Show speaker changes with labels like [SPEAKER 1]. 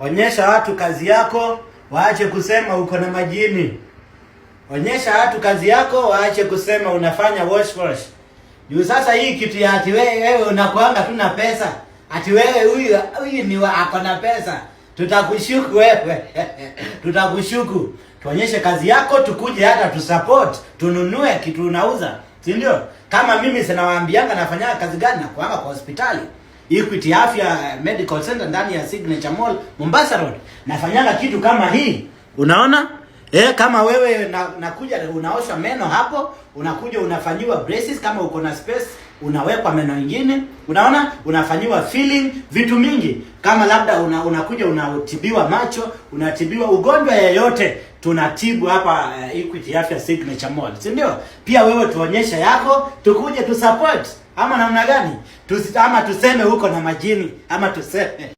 [SPEAKER 1] Onyesha watu kazi yako, waache kusema uko na majini. Onyesha watu kazi yako, waache kusema unafanya wash wash. Juu sasa hii kitu ya ati wewe unakuanga tu na pesa, ati wewe huyu huyu ni wa ako na pesa, tutakushuku wewe tutakushuku. Tuonyeshe kazi yako, tukuje hata tusupport, tununue kitu unauza, si ndio? Kama mimi sinawaambianga nafanya kazi gani, nakuanga kwa hospitali Equity Afya Medical Center ndani ya Signature Mall Mombasa Road. Nafanyaga kitu kama hii. Unaona? Eh, kama wewe nakuja na, unaosha meno hapo, unakuja unafanyiwa braces kama uko na space, unawekwa meno ingine, unaona? Unafanyiwa filling, vitu mingi. Kama labda una, unakuja unatibiwa macho, unatibiwa ugonjwa yeyote, tunatibu hapa uh, Equity Afya Signature Mall. Si ndio? Pia wewe tuonyesha yako, tukuje tusupport ama namna gani? Tus, ama tuseme huko na majini ama tuseme